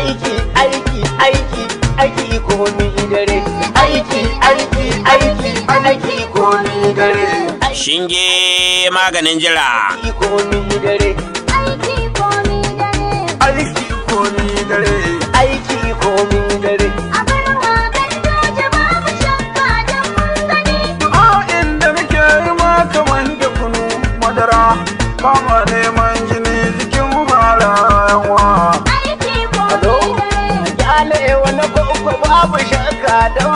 aiki aiki aiki aiki komi dare aiki aiki aiki aiki komi dare shinge maganin jira aiki komi dare I don't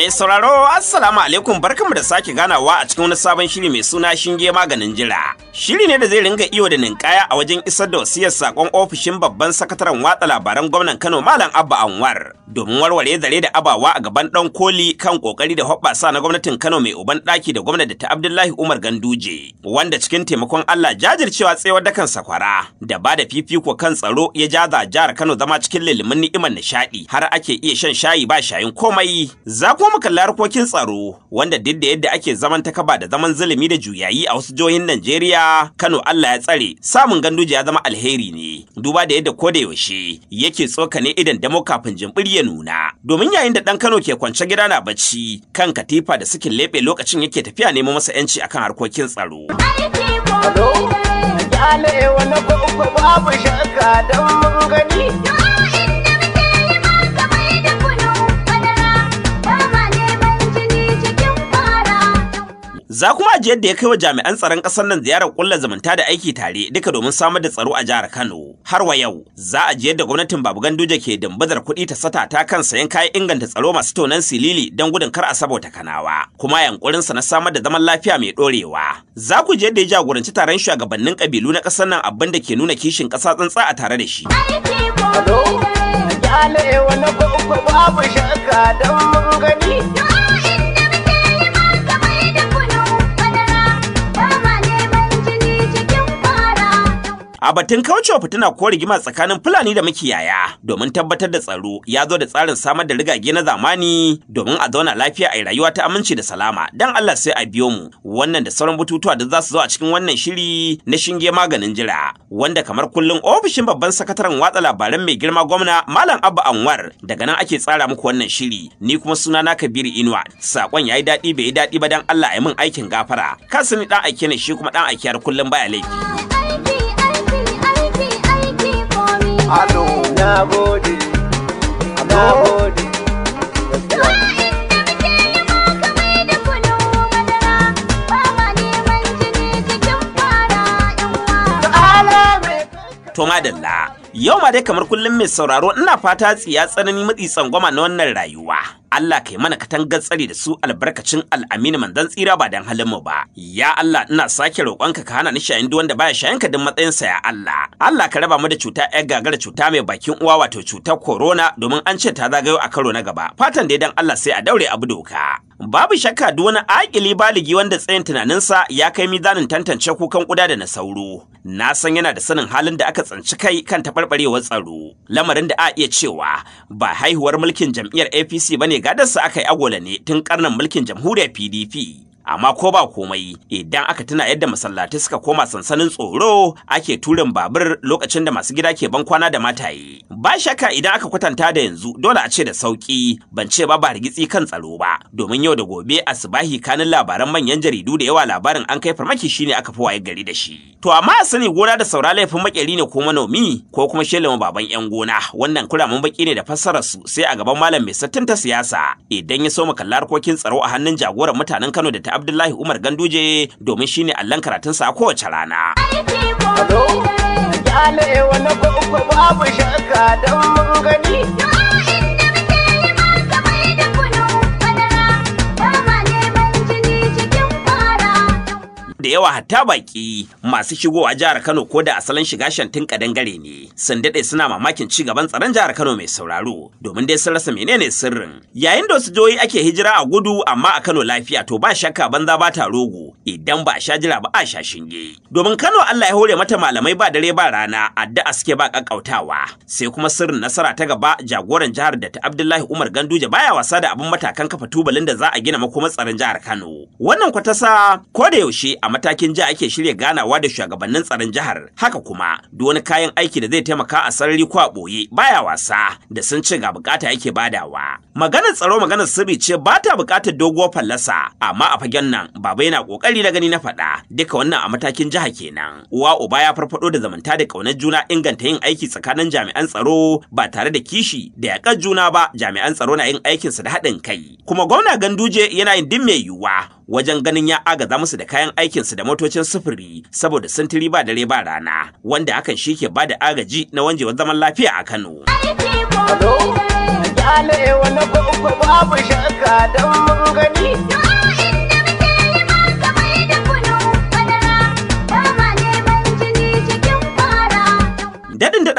Mai sauraro Assalamu alaikum barkanmu da sake ganawa a cikin wani sabon shiri mai suna shinge maganin jira. Shiri ne da zai ringa iyo da ninkaya a wajen isar da wasiyar sakon ofishin babban sakataren watsa labaran gwamnan Kano Malam Abba Anwar domin warware zare da abawa a gaban dan koli kan kokari da hoɓɓasa na gwamnatin Kano mai uban ɗaki da gwamnati ta Abdullahi Umar Ganduje wanda cikin taimakon Allah jajircewa tsayawar dakan sakwara da ba da fifiko kan tsaro ya jaza jihar Kano zama cikin lilimin ni'imar nishaɗi har ake iya shan shayi ba shayin komai. Za mu kalli harkokin tsaro wanda duk da yadda ake zaman takaba da zaman zulumi da juyayi a wasu jihohin Najeriya, Kano Allah ya tsare, samun ganduje ya zama alheri ne. Duba da yadda koda yaushe yake tsoka ne idan damo kafin jimbir ya nuna. Domin yayin da dan Kano ke kwance gida na bacci, kan katifa da sukin lebe lokacin yake tafiya nemo masa yanci akan harkokin tsaro. Hello? wani babu shaka don mun gani. Za kuma ji yadda ya kai wa jami'an tsaron ƙasar nan ziyarar ƙulla zumunta da aiki tare duka domin samar da tsaro a jihar Kano. Har wa yau, za a ji yadda gwamnatin Babu Ganduje ke dambazar kuɗi ta sata ta kan sayan kayan inganta tsaro masu tonan silili don gudun kar a sabota kanawa, kuma yankurinsa na samar da zaman lafiya mai ɗorewa. Za ku ji yadda ya jagoranci taron shugabannin ƙabilu na ƙasar nan abin da ke nuna kishin ƙasa tsantsa a tare da shi. Hello, wani babu shaka don mun gani. batun kaucewa fitina ko rigima tsakanin Fulani da makiyaya domin tabbatar da tsaro ya zo da tsarin samar da rigage na zamani domin a zauna lafiya a rayuwa ta aminci da salama. Dan Allah sai a biyo mu wannan da sauran bututuwa da za su zo a cikin wannan shiri na shinge maganin jira wanda kamar kullum ofishin babban sakataren watsa labaran mai girma gwamna Malam Abba Anwar daga nan ake tsara muku wannan shiri ni kuma sunana Kabiru Inuwa sakon yi daɗi bai yi daɗi ba dan Allah ya min aikin gafara kasani dan aike ne shi kuma dan aikiyar kullum baya laifi. Alo. Na gode. Na gode. To madalla, yau ma dai kamar kullum mai sauraro ina fata tsiya tsanani matsi tsangwama na wannan rayuwa. Allah kai mana katangar tsari da su albarkacin al'amini manzon tsira ba dan halin mu ba ya Allah ina sake roƙonka ka hana ni shayin duk wanda baya shayin ka duk matsayin sa ya Allah Allah ka raba mu da cuta ɗaya gagara cuta mai bakin uwa wato cutar corona domin an ce ta zagayo a karo na gaba fatan da dan Allah sai a daure abu doka babu shakka duk wani akili baligi wanda tsayin tunaninsa ya kai mizanin tantance kukan kuda da na sauro na san yana da sanin halin da aka tsanci kai kan taɓarɓarewar tsaro lamarin da a iya cewa ba haihuwar mulkin jam'iyyar apc ba ne gadarsa aka yi agola ne tun karnan mulkin jamhuriyar pdp amma ko ba komai idan aka tuna yadda masallatai suka koma sansanin tsoro ake turin babur lokacin da masu gida ke ban kwana da mataye ba shakka idan aka kwatanta da yanzu dole a ce da sauki ban ce ba ba rigitsi kan tsaro ba domin yau da gobe asibahi kanin labaran manyan jaridu da yawa labarin an kai farmaki shine aka fi waye gari da shi to amma a sani gona da saura laifin makeri ne ko manomi ko kuma shelin baban yan gona wannan kuramin baki ne da fassarar su sai a gaban malam mai sattin ta siyasa idan ya so mu kallar harkokin tsaro a hannun jagoran mutanen Kano da ta Abdullahi Umar Ganduje domin shine allon karatunsa sa kowace rana. Hello? wani babu shakka don gani. da yawa hatta baki masu shigowa jihar Kano ko da asalin shiga shantin kadangare ne sun dade suna mamakin ci gaban tsaron jihar Kano mai sauraro domin dai sun rasa menene sirrin yayin da wasu jihohi ake hijira a gudu amma a Kano lafiya to ba shakka banza ba ta rogo idan ba a sha jira ba a sha shinge domin Kano Allah ya hore mata malamai ba dare ba rana addu'a suke ba kakkautawa sai kuma sirrin nasara ta gaba jagoran jihar da ta Abdullahi Umar Ganduje baya wasa da abin matakan kafa tubalin da za a gina makomar tsaron jihar Kano wannan kwatasa ko da yaushe a matakin jiha ake shirya ganawa da shugabannin tsaron jihar haka kuma duk wani kayan aiki da zai taimaka a sarari ko a ɓoye baya wasa da sun ce ga bukata yake badawa maganar tsaro maganar sirri ce ba ta bukatar doguwar fallasa amma a fagen nan baba yana kokari na gani na faɗa duka wannan a matakin jiha kenan uwa uba ya farfado da zamanta da ƙaunar juna inganta yin aiki tsakanin jami'an tsaro ba tare da kishi da yakar juna ba jami'an tsaro na yin aikin aikinsa da haɗin kai kuma gwamna ganduje yana yin din mai yiwuwa wajen ganin ya agaza musu da kayan aikinsa kansu da motocin sufuri saboda sintiri ba dare ba rana wanda hakan shi ke ba da agaji na wanjewar zaman lafiya a Kano. Hello? babu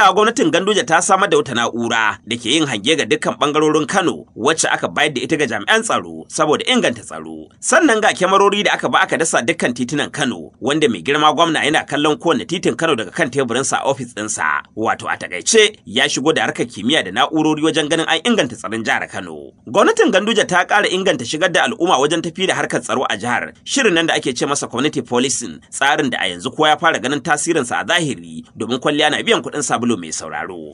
daɗawa gwamnatin Ganduje ta samar da wata na'ura da ke yin hange ga dukkan bangarorin Kano wacce aka bayar da ita ga jami'an tsaro saboda inganta tsaro. Sannan ga kyamarori da aka ba aka dasa dukkan titunan Kano wanda mai girma gwamna yana kallon kowane titin Kano daga kan teburinsa a ofis ɗinsa. Wato a takaice ya shigo da harkar kimiyya da na'urori wajen ganin an inganta tsarin jihar Kano. Gwamnatin Ganduje ta ƙara inganta shigar da al'umma wajen tafi da harkar tsaro a jihar. Shirin nan da ake ce masa community policing tsarin da a yanzu kowa ya fara ganin tasirinsa a zahiri domin kwalliya na biyan kuɗin sabulu Bello mai sauraro.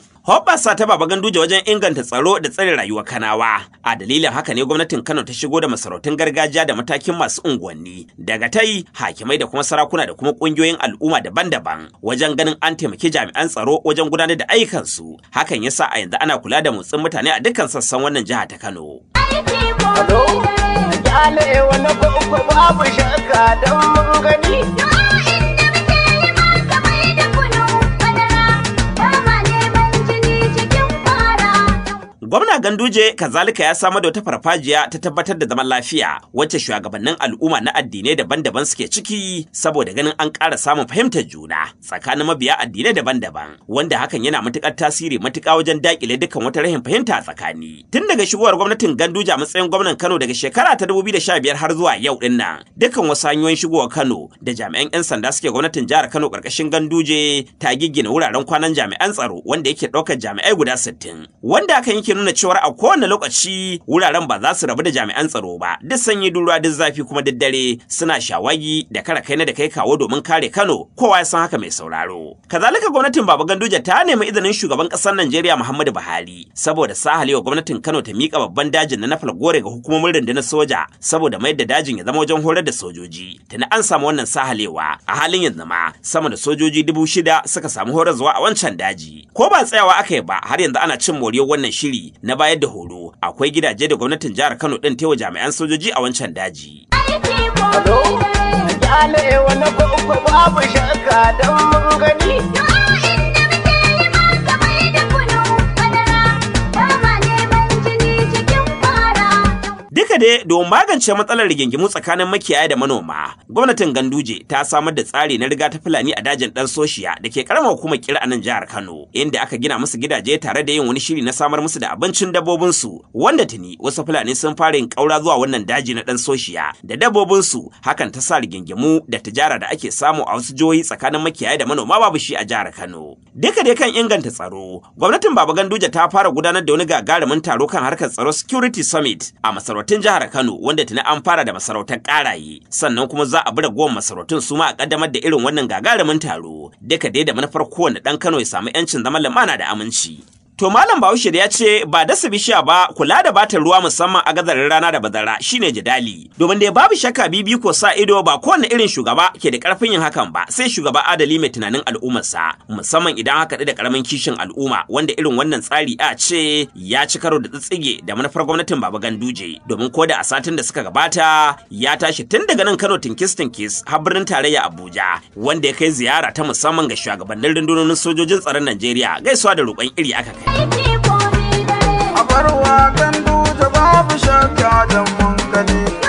sa ta Baba Ganduje wajen inganta tsaro da tsare rayuwar Kanawa. A dalilin haka ne gwamnatin Kano ta shigo da masarautun gargajiya da matakin masu unguwanni, daga tai hakimai da kuma sarakuna da kuma ƙungiyoyin al'umma daban-daban wajen ganin an taimaki jami'an tsaro wajen gudanar da ayyukansu. Hakan yasa a yanzu ana kula da motsin mutane a dukkan sassan wannan jiha ta Kano. Hello, wani babu shaka don mun gani. Gwamna Ganduje kazalika ya samar da wata farfajiya ta tabbatar da zaman lafiya wacce shugabannin al'umma na addinai daban-daban suke ciki saboda ganin an ƙara samun fahimtar juna tsakanin mabiya addinai daban-daban wanda hakan yana matuƙar tasiri matuƙa wajen daƙile dukkan wata rahin fahimta tsakani. Tun daga shigowar gwamnatin Ganduje a matsayin gwamnan Kano daga shekara ta 2015 har zuwa yau din nan dukkan wasu hanyoyin shigowar Kano da jami'an 'yan sanda suke gwamnatin jihar Kano ƙarƙashin Ganduje ta giggina wuraren kwanan jami'an tsaro wanda yake ɗaukar jami'ai guda 60 wanda hakan yake nuna cewar a kowane lokaci wuraren ba za su rabu da jami'an tsaro ba duk sanyi duruwa duk zafi kuma duk dare suna shawagi da kara kai na da kai kawo domin kare Kano kowa ya san haka mai sauraro kazalika gwamnatin Baba Ganduje ta nemi izinin shugaban ƙasar Najeriya Muhammadu Buhari saboda halewa gwamnatin Kano ta mika babban dajin na Nafal Gore ga hukumomin rundunar soja saboda mayar da dajin ya zama wajen horar da sojoji tuni an samu wannan sahalewa a halin yanzu ma sama da sojoji dubu shida suka samu horar zuwa a wancan daji ko ba tsayawa aka yi ba har yanzu ana cin moriyar wannan shiri na bayar da horo akwai gidaje da gwamnatin jihar Kano din tewa jami'an sojoji a wancan daji. Hello? babu shakka don mun gani. Haka dai domin magance matsalar rigingimu tsakanin makiyaya da manoma, gwamnatin Ganduje ta samar da tsari na riga ta Fulani a dajin Dan Soshiya da ke karamar hukumar kira jihar Kano, inda aka gina musu gidaje tare da yin wani shiri na samar musu da abincin dabbobinsu, wanda tuni wasu Fulani sun fara yin kaura zuwa wannan daji na Dan Soshiya da dabbobinsu, hakan ta sa rigingimu da tijara da ake samu a wasu jihohi tsakanin makiyaya da manoma babu shi a jihar Kano. Duka dai kan inganta tsaro, gwamnatin Baba Ganduje ta fara gudanar da wani gagarumin taro kan harkar tsaro Security Summit a masarautar jihar Kano wanda tuni an fara da masarautar Karaye sannan kuma za a bi ragowar masarautun su ma a kaddamar da irin wannan gagarumin taro duka dai da manufar kowane dan Kano ya samu yancin zaman lamana da aminci To Malam Bahaushe ya ce ba dasa bishiya ba kula da batar ruwa musamman a gazarin rana da bazara shine jidali. Domin da babu shakka bibi ko sa ido ba kowane irin shugaba ke da karfin yin hakan ba sai shugaba adali mai tunanin al'ummarsa musamman idan haka da karamin kishin al'umma wanda irin wannan tsari a ce ya ci karo da tsitsige da manufar gwamnatin Baba Ganduje domin ko da a satin da suka gabata ya tashi tun daga nan Kano tinkis tinkis har birnin tarayya Abuja wanda ya kai ziyara ta musamman ga shugabannin rundunonin sojojin tsaron Najeriya gaisuwa da roƙon iri aka kai. A barwa gandu babu shakka don mun gani.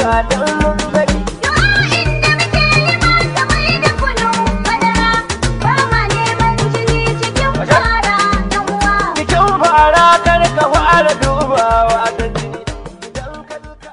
gadon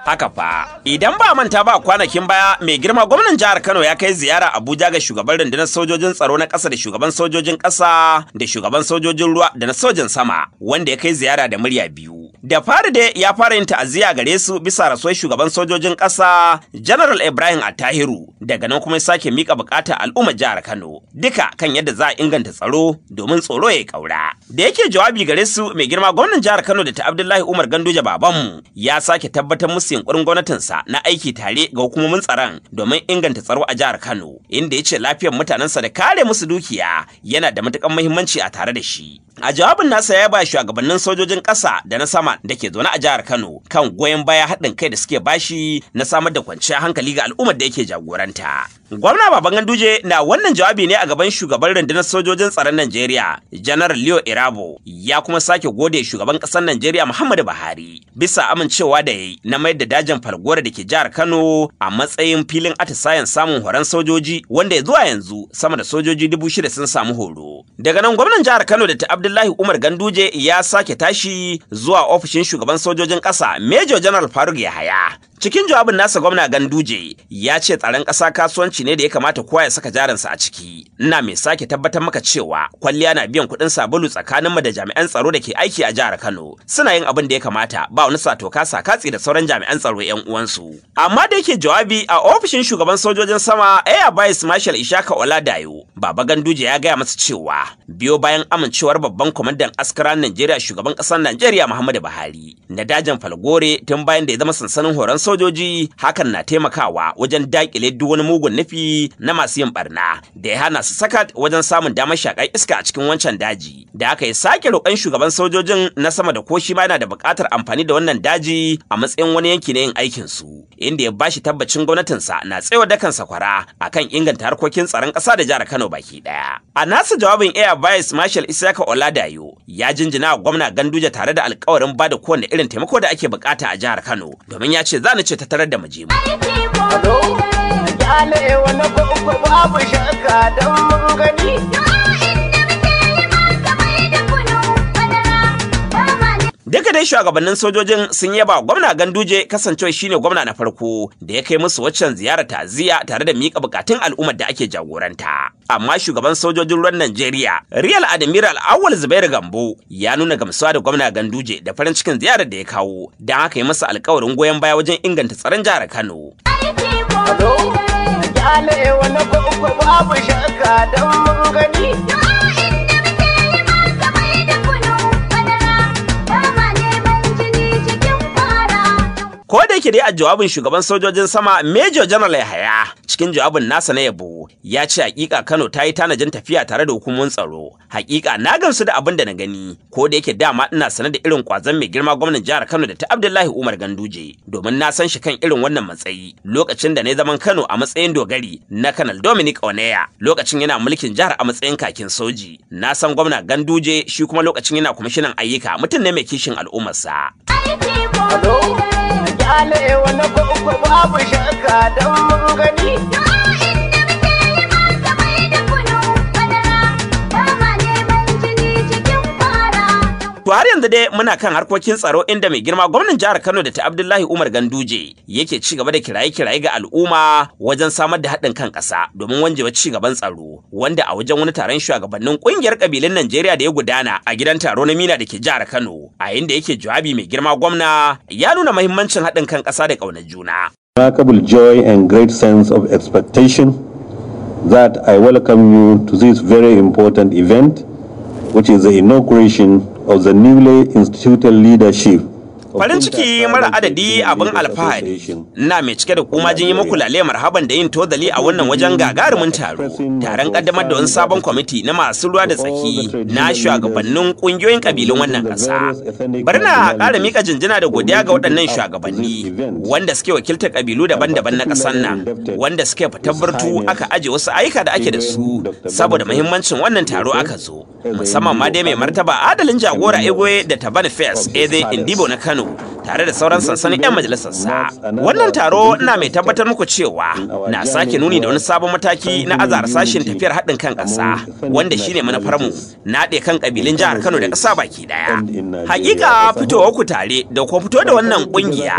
haka fa idan ba manta ba kwanakin baya mai girma gwamnan jihar Kano ya kai ziyara Abuja ga shugaban rundunar sojojin tsaro na ƙasa da shugaban sojojin ƙasa da shugaban sojojin ruwa da na sojin sama wanda ya kai ziyara da murya biyu da fari da ya fara yin ta'aziyya gare su bisa rasuwar shugaban sojojin ƙasa general ibrahim Atahiru daga nan kuma ya sake mika bukata al'ummar jihar kano duka kan yadda za a inganta tsaro domin tsoro ya kaura da yake jawabi gare su mai girma gwamnan jihar kano da ta abdullahi umar ganduje babanmu ya sake tabbatar musu yunkurin gwamnatinsa na aiki tare ga hukumomin tsaron domin inganta tsaro a jihar kano inda ya ce lafiyar mutanensa da kare musu dukiya yana da matukar muhimmanci a tare da shi a jawabin nasa ya ba shugabannin sojojin ƙasa da na sama da ke zaune a jihar Kano kan goyon baya haɗin kai da suke bashi na samar da kwanciyar hankali ga al'ummar da yake jagoranta. Gwamna Baban Ganduje na wannan jawabi ne a gaban shugaban rundunar sojojin tsaron Najeriya, General Leo Irabo, ya kuma sake gode shugaban ƙasar Najeriya Muhammadu Buhari bisa amincewa da yayi na mayar da dajin Falgore da ke jihar Kano a matsayin filin atisayen samun horon sojoji wanda ya zuwa yanzu sama da sojoji dubu shida sun samu horo. Daga nan gwamnan jihar Kano da ta Abdullahi Umar Ganduje ya sake tashi zuwa ofis ofishin shugaban sojojin ƙasa Major General Faruk Yahaya Cikin jawabin nasa gwamna Ganduje ya ce tsaron ƙasa kasuwanci ne da ya kamata kowa ya saka jarinsa a ciki. Ina mai sake tabbatar maka cewa kwalliya na biyan kuɗin sabulu tsakaninmu da jami'an tsaro da ke aiki a jihar Kano. Suna yin abin da ya kamata ba wani satoka sakatsi da sauran jami'an tsaro ƴan uwansu. Amma da yake jawabi a ofishin shugaban sojojin sama Air Vice Marshal Ishaka Oladayo, Baba Ganduje ya gaya masa cewa biyo bayan amincewar babban kwamandan askaran Najeriya shugaban ƙasar Najeriya Muhammadu Buhari na dajin Falgore tun bayan da ya zama sansanin horon sojoji hakan na taimakawa wajen dakile duk wani mugun nufi na masu yin barna da ya hana su sakat wajen samun damar shakar iska a cikin wancan daji da aka yi sake roƙon shugaban sojojin na sama da ko shi ma yana da buƙatar amfani da wannan daji a matsayin wani yanki na yin aikin su inda ya bashi tabbacin gwamnatinsa na tsayo dakan sakwara akan inganta harkokin tsaron ƙasa da jihar Kano baki ɗaya. A nasa jawabin Air Vice Marshal Isaka Oladayo ya jinjina gwamna ganduja tare da alƙawarin ba da kowane irin taimako da ake bukata a jihar Kano domin ya ce za Sani ce ta tarar da majemu. aiki Ya ne wani babu shakka don mun gani? Duka dai shugabannin sojojin sun yaba gwamna Ganduje kasancewa ne gwamna na farko da ya kai musu waccan ziyara ta'aziyya tare da miƙa bukatun al'ummar da ake jagoranta. Amma shugaban sojojin ruwan Najeriya, Real Admiral Awal Zubair Gambo ya nuna gamsuwa da gwamna Ganduje da farin cikin ziyarar da ya kawo, don haka yi masa alkawarin goyon baya wajen inganta tsaron jihar Kano. Hello, wani ko da yake dai a jawabin shugaban sojojin sama major general yahaya cikin jawabin nasa na yabo ya ce hakika kano ta yi tanajin tafiya tare da hukumomin tsaro hakika na gamsu da abin da na gani ko da yake dama ina sanar da irin kwazon mai girma gwamnan jihar kano da ta abdullahi umar ganduje domin na san shi kan irin wannan matsayi lokacin da na zaman kano a matsayin dogari na kanal dominic oneya lokacin yana mulkin jihar a matsayin kakin soji na san gwamna ganduje shi kuma lokacin yana kwamishinan ayyuka mutum ne mai kishin al'ummarsa. Hello? alewa na ba uku babu shakka don mun gani. To har yanzu dai muna kan harkokin tsaro inda mai girma gwamnan jihar Kano da ta Abdullahi Umar Ganduje yake ci gaba da kiraye-kiraye ga al'umma wajen samar da haɗin kan ƙasa domin wanjewa ci gaban tsaro wanda a wajen wani taron shugabannin ƙungiyar ƙabilun Najeriya da ya gudana a gidan taro na Mina da ke jihar Kano a inda yake jawabi mai girma gwamna ya nuna mahimmancin haɗin kan ƙasa da ƙaunar juna. Remarkable joy and great sense of expectation that I welcome you to this very important event which is the inauguration of the newly instituted leadership farin ciki mara adadi abin alfahari na mai cike da kuma jin yi muku lale marhaban da yin tozali a wannan wajen gagarumin taro taron kaddamar da wani sabon kwamiti na masu ruwa da tsaki na shugabannin kungiyoyin kabilun wannan kasa bari na ƙara mika jinjina da godiya ga waɗannan shugabanni wanda suke wakiltar kabilu daban-daban na ƙasar nan wanda suke fitar aka aje wasu ayyuka da ake da su saboda muhimmancin wannan taro aka zo musamman ma dai mai martaba adalin jagora Egoe, da taban fes eze indibo na kano tare da sauran sansanin 'yan majalisarsa wannan taro na mai tabbatar muku cewa na sake nuni da wani sabon mataki na azar sashen tafiyar haɗin kan ƙasa wanda shine manufarmu naɗe kan ƙabilun jihar kano da ƙasa baki ɗaya hakika fitowa ku tare da kuma fito da wannan ƙungiya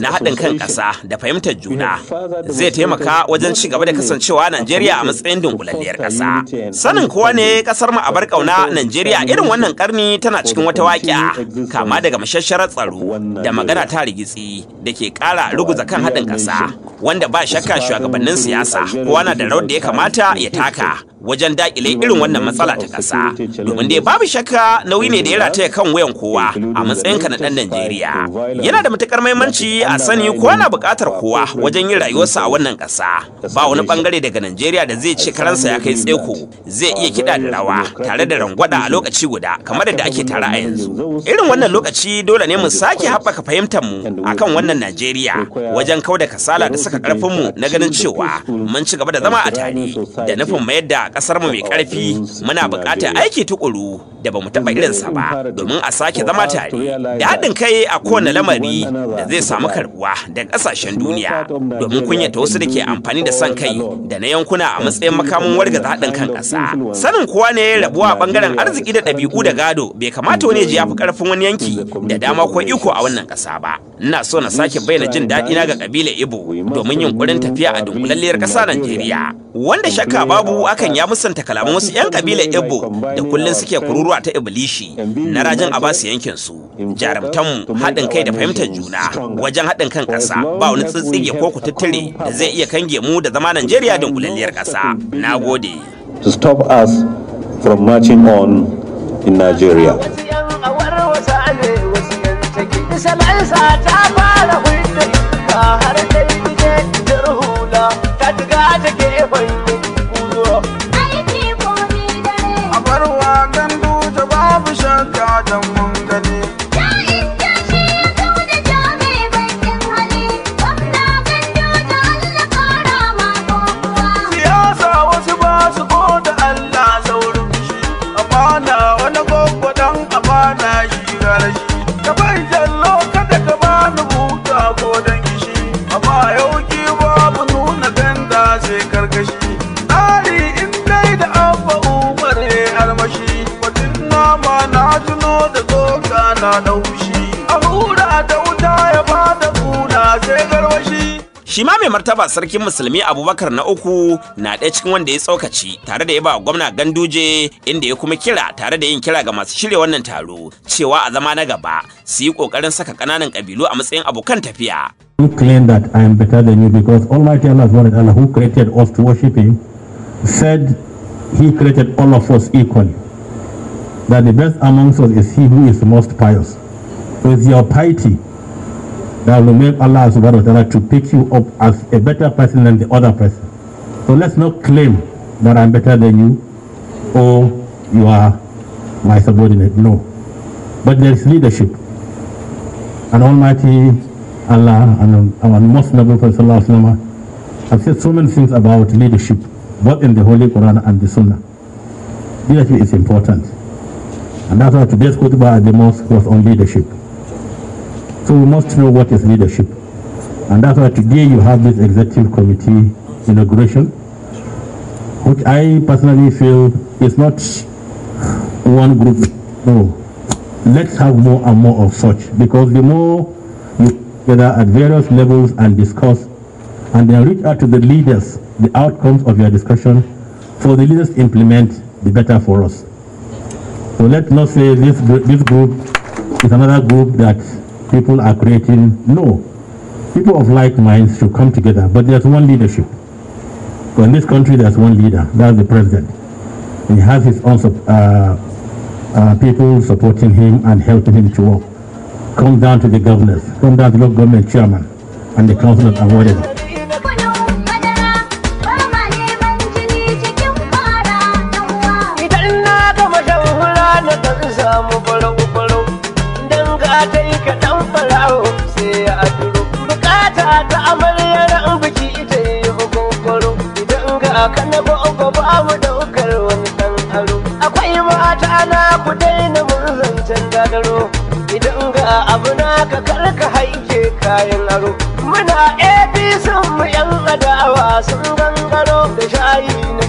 na haɗin kan ƙasa da fahimtar juna zai taimaka wajen ci gaba da kasancewa najeriya a matsayin dunkulalliyar ƙasa sanin kowa ne ƙasar mu a bar ƙauna najeriya irin wannan ƙarni tana cikin wata waƙiya kama daga mashasharar tsaro da magana ta rigitsi da ke ƙara ruguza kan haɗin ƙasa wanda ba shakka shugabannin siyasa kowa na da rawar da ya kamata ya taka wajen dakile irin wannan matsala ta ƙasa domin dai babu shakka nauyi ne da ya rataya kan wayan kowa a matsayinka na dan Najeriya yana da matukar muhimmanci a sani ko ana buƙatar kowa wajen yin rayuwarsa a wannan ƙasa ba wani bangare daga Najeriya da zai ce karansa ya kai tseko zai iya kiɗa da rawa tare da rangwada a lokaci guda kamar da ake tare a yanzu irin wannan lokaci dole ne mu sake haɓaka fahimtar mu akan wannan Najeriya wajen kauda kasala da saka karfin mu na ganin cewa mun ci gaba da zama a tare da nufin mayar da kasar mai ƙarfi muna buƙatar aiki tukuru da ba mu taɓa irinsa ba domin a sake zama tare da haɗin kai a kowane lamari da zai samu karbuwa da ƙasashen duniya domin kunyata wasu da ke amfani da son kai da na yankuna a matsayin makamin wargaza haɗin kan ƙasa sanin kowa ne rabuwa ɓangaren arziki da ɗabi'u da gado bai kamata wani ya ji ya fi ƙarfin wani yanki da dama ko iko a wannan ƙasa ba ina so na sake bayyana jin daɗi na ga ƙabilar Ibo domin yin yunkurin tafiya a dunkulalliyar ƙasa Najeriya wanda shakka babu akan ya musanta kalaman wasu 'yan ƙabilar Ibo da kullun suke kururuwa ta Ibilishi na rajin a basu yankin su jarumtan haɗin kai da fahimtar juna wajen haɗin kan ƙasa ba wani tsitsige ko kututture da zai iya kange mu da zama Najeriya dunkulalliyar ƙasa nagode to stop us from marching on in Nigeria salansa ta fara hulɗe ka har ta yi guje jar hula ta diga ta gefen kuzo. Aiki komi dare. A farwa kan duta babu shakka don martaba sarkin musulmi abubakar na uku na ɗaya cikin wanda ya tsokaci tare da ya ba gwamna ganduje inda ya kuma kira tare da yin kira ga masu shirya wannan taro cewa a zama na gaba su yi ƙoƙarin saka kananan kabilu a matsayin abokan tafiya. You claim that I am better than you because Almighty Allah Allah who created us to worship him said he created all of us equally. That the best amongst us is he who is most pious. With your piety that will make Allah subhanahu wa ta'ala to pick you up as a better person than the other person. So let's not claim that I'm better than you or you are my subordinate. No. But there is leadership. And Almighty Allah and our most noble Prophet have said so many things about leadership, both in the Holy Quran and the Sunnah. Leadership is important. And that's why today's khutbah at the mosque was on leadership. So we must know what is leadership. And that's why today you have this executive committee inauguration, which I personally feel is not one group. No. Let's have more and more of such because the more you gather at various levels and discuss and then reach out to the leaders the outcomes of your discussion for the leaders implement the better for us. So let's not say this, this group is another group that people are creating no people of like minds should come together but there's one leadership in this country there's one leader that's the president he has his own uh, uh, people supporting him and helping him to work come down to the governors come down to the government chairman and the council of awarded abu naka karka haike kayan aro muna APC mu yan adawa sun gangaro da shayi na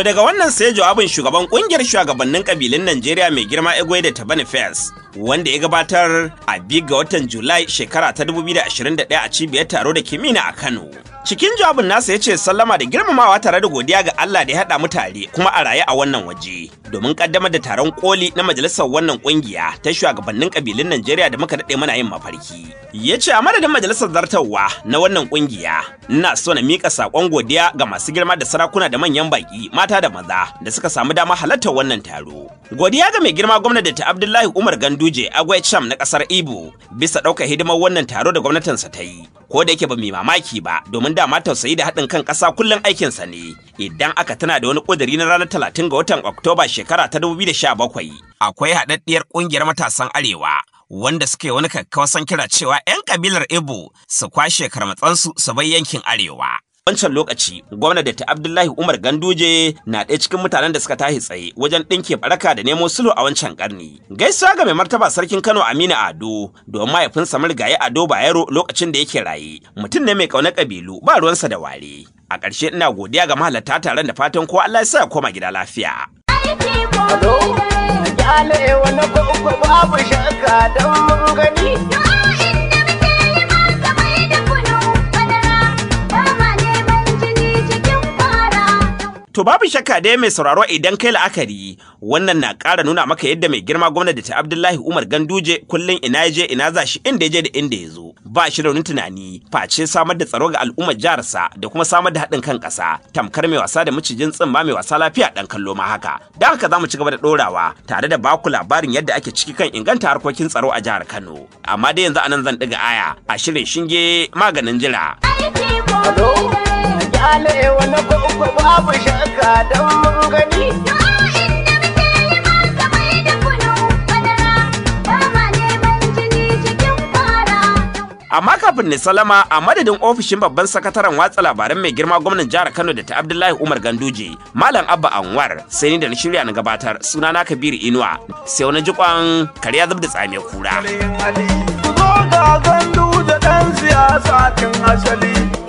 To daga wannan sai jawabin shugaban kungiyar shugabannin kabilun Najeriya mai girma Egwe da Tabanifes wanda ya gabatar a biga ga watan Julai shekara ta 2021 a cibiyar taro da kimina a Kano. Cikin jawabin nasa ya ce sallama da girmamawa tare da godiya ga Allah da ya haɗa mu tare kuma a raye a wannan waje domin kaddamar da taron koli na majalisar wannan kungiya ta shugabannin kabilun Najeriya da muka daɗe mana yin mafarki. Ya ce a madadin majalisar zartarwa na wannan kungiya ina so na mika saƙon godiya ga masu girma da sarakuna da manyan baƙi mata da maza da suka samu dama halartar wannan taro. Godiya ga mai girma gwamna da ta Abdullahi Umar Ganduje Agwai Cham na ƙasar Ibo bisa ɗaukar hidimar wannan taro da gwamnatinsa ta yi ko da yake ba mai mamaki ba domin domin dama tausayi da haɗin kan ƙasa kullum aikinsa ne idan aka tana da wani ƙudiri na ranar talatin ga watan oktoba shekara ta 2017 akwai haɗaɗɗiyar ƙungiyar matasan arewa wanda suke wani san kira cewa 'yan kabilar ibo su kwashe karmatsansu su bai yankin arewa wancan lokaci gwamna da ta abdullahi umar ganduje na ɗaya cikin mutanen da suka tahi tsaye wajen ɗinke baraka da nemo sulhu a wancan ƙarni gaisuwa ga mai martaba sarkin kano amina ado domin mahaifinsa marigayi ado bayero lokacin da yake raye mutum ne mai ƙaunar ƙabilu ba ruwansa da ware a ƙarshe ina godiya ga mahalarta taron da fatan ko allah ya sa koma gida lafiya Hello, To babu shakka dai mai sauraro idan kai la'akari wannan na ƙara nuna maka yadda mai girma gwamnati ta Abdullahi Umar Ganduje kullum ina je ina za shi inda je da inda ya zo ba shi da tunani face samar da tsaro ga al'ummar jihar sa da kuma samar da haɗin kan ƙasa tamkar mai wasa da macijin tsimma mai wasa lafiya ɗan kallo ma haka da haka za mu ci gaba da ɗorawa tare da baku labarin yadda ake ciki kan inganta harkokin tsaro a jihar Kano amma dai yanzu anan zan ɗiga aya a shirin shinge maganin jira. Hello? alewa na gobe babu shakka don mun gani amma kafin ne salama a madadin ofishin babban sakataren watsa labaran mai girma gwamnan jihar kano da ta abdullahi umar ganduje malam abba anwar sai ni da na shirya na gabatar sunana kabiru inuwa sai wani jikon karya zub da tsame kura ga gandu da ɗan siyasa tun asali